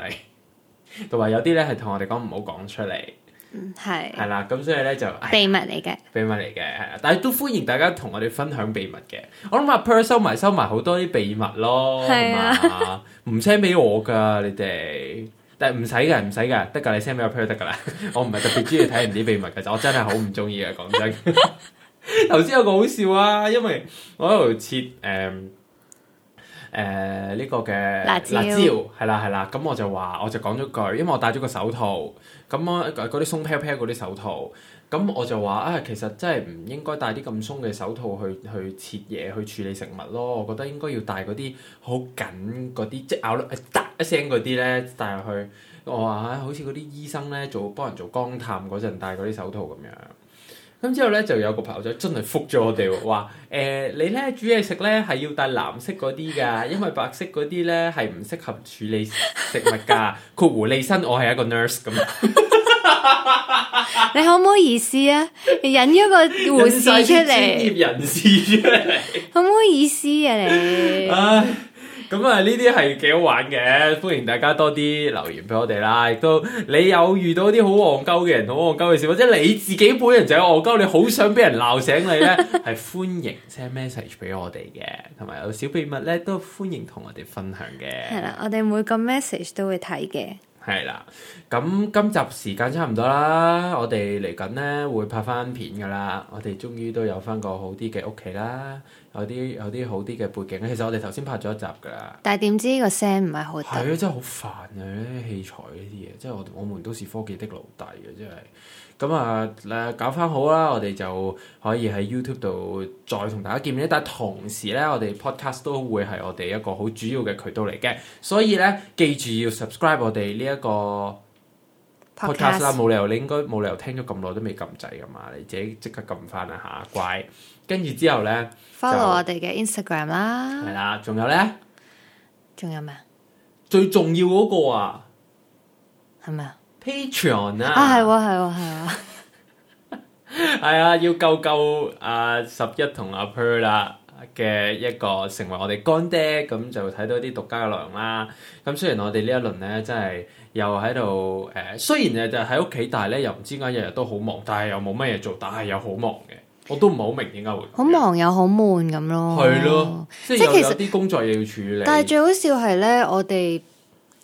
同埋有啲咧係同我哋講唔好講出嚟。嗯的，係係啦，咁所以咧就、哎、秘密嚟嘅，秘密嚟嘅，係啊。但係都歡迎大家同我哋分享秘密嘅。我諗阿 Per 收埋收埋好多啲秘密咯，係嘛的，唔 send 俾我噶，你哋。但係唔使嘅，唔使嘅，得㗎，你 send 俾我 pair 得㗎啦。 [laughs] 我唔係特別中意睇人啲秘密嘅，就 [laughs] 我真係好唔中意嘅，講真。頭 [laughs] 先有個好笑啊，因為我喺度切誒誒呢個嘅辣椒，辣椒，係啦係啦，咁、嗯、我就話我就講咗句，因為我戴咗個手套，咁我嗰啲鬆漂漂嗰啲手套。咁我就話啊、哎，其實真係唔應該戴啲咁鬆嘅手套去去切嘢去處理食物咯。我覺得應該要戴嗰啲好緊嗰啲即咬咯，嗒、呃、一聲嗰啲咧戴入去。我話、哎、好似嗰啲醫生咧做幫人做光探嗰陣戴嗰啲手套咁樣。咁之後咧就有個朋友仔真係覆咗我哋話誒，你咧煮嘢食咧係要戴藍色嗰啲㗎，因為白色嗰啲咧係唔適合處理食物㗎。括胡利身，我係一個 nurse 咁。 [laughs] [laughs] 你好唔好意思啊？你引咗個護士出嚟，專業人士出嚟， [laughs] [laughs] 好唔好意思啊？你， [laughs] [laughs] 唉，咁啊，呢啲係幾好玩嘅，歡迎大家多啲留言俾我哋啦。亦都，你有遇到啲好戇鳩嘅人，好戇鳩嘅事，或者你自己本人就係戇鳩，你好想俾人鬧醒你咧，係 [laughs] 歡迎 send message 俾我哋嘅，同埋有,有小秘密咧，都歡迎同我哋分享嘅。係啦 [laughs] 我哋每個 message 都會睇嘅。係啦，咁今集時間差唔多啦，我哋嚟緊咧會拍翻片噶啦，我哋終於都有翻個好啲嘅屋企啦。有啲有啲好啲嘅背景，其實我哋頭先拍咗一集噶啦。但係點知個聲唔係好。係啊，真係好煩啊！器材呢啲嘢，即係我我們都是科技的奴隸嘅，真係。咁啊，誒搞翻好啦，我哋就可以喺 YouTube 度再同大家見面。但係同時咧，我哋 Podcast 都會係我哋一個好主要嘅渠道嚟嘅。所以咧，記住要 subscribe 我哋呢一個 Podcast 啦。冇 Podcast 理由你應該冇理由聽咗咁耐都未撳掣噶嘛？你自己即刻撳翻啊嚇，乖！跟住之後咧，follow 就我哋嘅 Instagram 啦。係啦，仲有咧，仲有咩啊？最重要嗰個啊，係咪啊嗎 Patreon 啊，係喎係喎係喎，係啊， [laughs] 要救救啊十一同阿、啊、Per 啦嘅一個成為我哋乾爹，咁就睇到啲獨家嘅內容啦。咁雖然我哋呢一輪咧，真係又喺度誒，雖然就喺屋企，但係咧又唔知點解日日都好忙，但係又冇乜嘢做，但係又好忙。我都唔係好明點解會，好忙又好悶咁咯，係咯了，即係是其實啲工作又要處理。但係最好笑係咧，我哋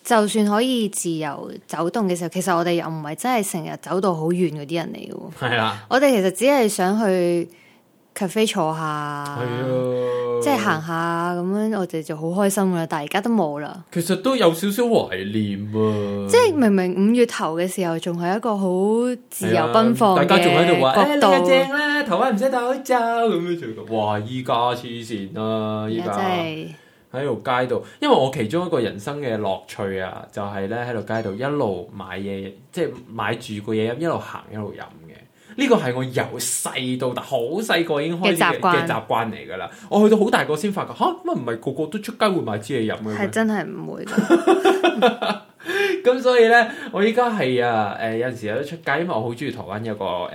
就算可以自由走動嘅時候，其實我哋又唔係真係成日走到好遠嗰啲人嚟嘅喎。係啊，我哋其實只係想去 cafe 坐下。係啊。即係行下咁樣，我哋就好開心啦，但係而家都冇啦。其實都有少少懷念啊！即係明明五月頭嘅時候，仲係一個好自由奔放嘅角度，啊大家欸、正啦，頭盔唔使戴口罩咁樣，哇！依家黐線啦，依家喺度街度。因為我其中一個人生嘅樂趣啊，就係咧喺度街度一路買嘢，即係買住個嘢，一路行一路飲。呢個係我由細到大，好細個已經開始嘅習慣嚟㗎啦。我去到好大個先發覺，嚇乜唔係個個都出街會買啲嘢飲嘅？係真係唔會。咁 [laughs] 所以咧，我依家係啊，誒、呃、有陣時有得出街，因為我好中意台灣有個誒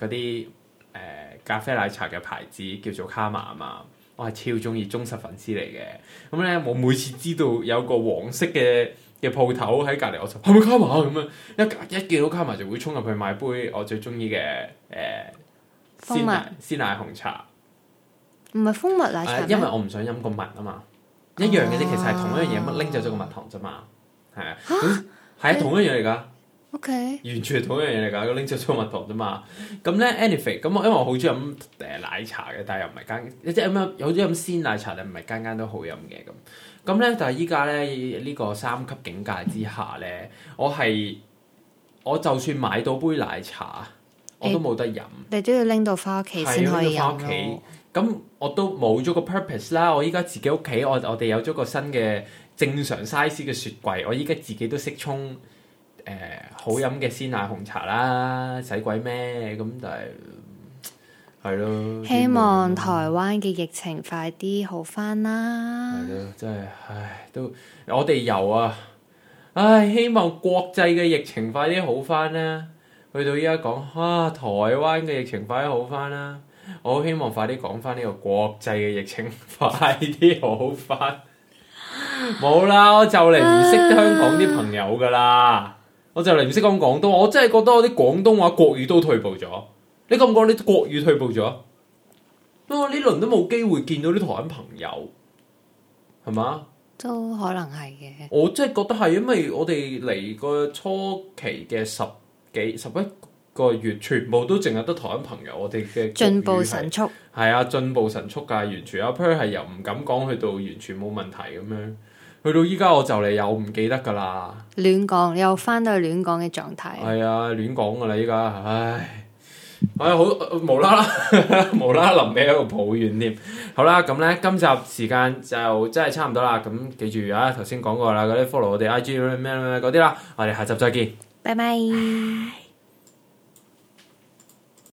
嗰啲誒咖啡奶茶嘅牌子叫做卡瑪啊嘛。我係超中意忠實粉絲嚟嘅。咁、嗯、咧，我每次知道有個黃色嘅嘅鋪頭喺隔籬，我就係咪卡馬咁啊！一一見到卡馬就會衝入去買杯我最中意嘅誒鮮奶鮮奶紅茶，唔係蜂蜜奶茶，啊，因為我唔想飲個蜜啊嘛，啊一樣嘅，啫，其實係同一樣嘢，乜拎走咗個蜜糖啫嘛，係啊，係 [laughs] 同一樣嚟噶，OK，完全係同一樣嘢嚟噶，拎走咗個蜜糖啫嘛，咁咧 anything 咁，anyway，因為我好中意飲誒奶茶嘅，但係又唔係間，即係有啲飲鮮奶茶咧，唔係間間都好飲嘅咁。咁咧，但係依家咧呢、呢個三級境界之下咧，我係我就算買到杯奶茶，欸、我都冇得飲。你都要拎到翻屋企先可以翻屋企，咁、啊嗯、我都冇咗個 purpose 啦。我依家自己屋企，我我哋有咗個新嘅正常 size 嘅雪櫃，我依家自己都識沖誒、呃、好飲嘅鮮奶紅茶啦，使鬼咩？咁但係。係咯，希望台灣嘅疫情快啲好翻啦！係咯，真係，唉，都我哋遊啊，唉，希望國際嘅疫情快啲好翻啦。去到依家講，啊，台灣嘅疫情快啲好翻啦！我好希望快啲講翻呢個國際嘅疫情快啲好翻。冇啦， [laughs] 我就嚟唔識香港啲朋友㗎喇，啊、我就嚟唔識講廣東話，我真係覺得我啲廣東話國語都退步咗。你覺唔覺你國語退步咗？不過呢輪都冇機會見到啲台灣朋友，係嘛？都可能係嘅。我即係覺得係，因為我哋嚟個初期嘅十幾十一個月，全部都淨係得台灣朋友。我哋嘅進步神速係啊，進步神速噶，完全 upper、啊、係由唔敢講，去到完全冇問題咁樣。去到依家我就嚟又唔記得噶啦，亂講又翻到去亂講嘅狀態。係啊，亂講噶啦，依家唉。我、哎、好無啦啦，無啦啦臨尾喺度抱怨添。好啦，咁咧今集時間就真係差唔多啦。咁記住啊，頭先講過啦，嗰啲 follow 我哋 IG 咩咩嗰啲啦。我哋下集再見，拜拜。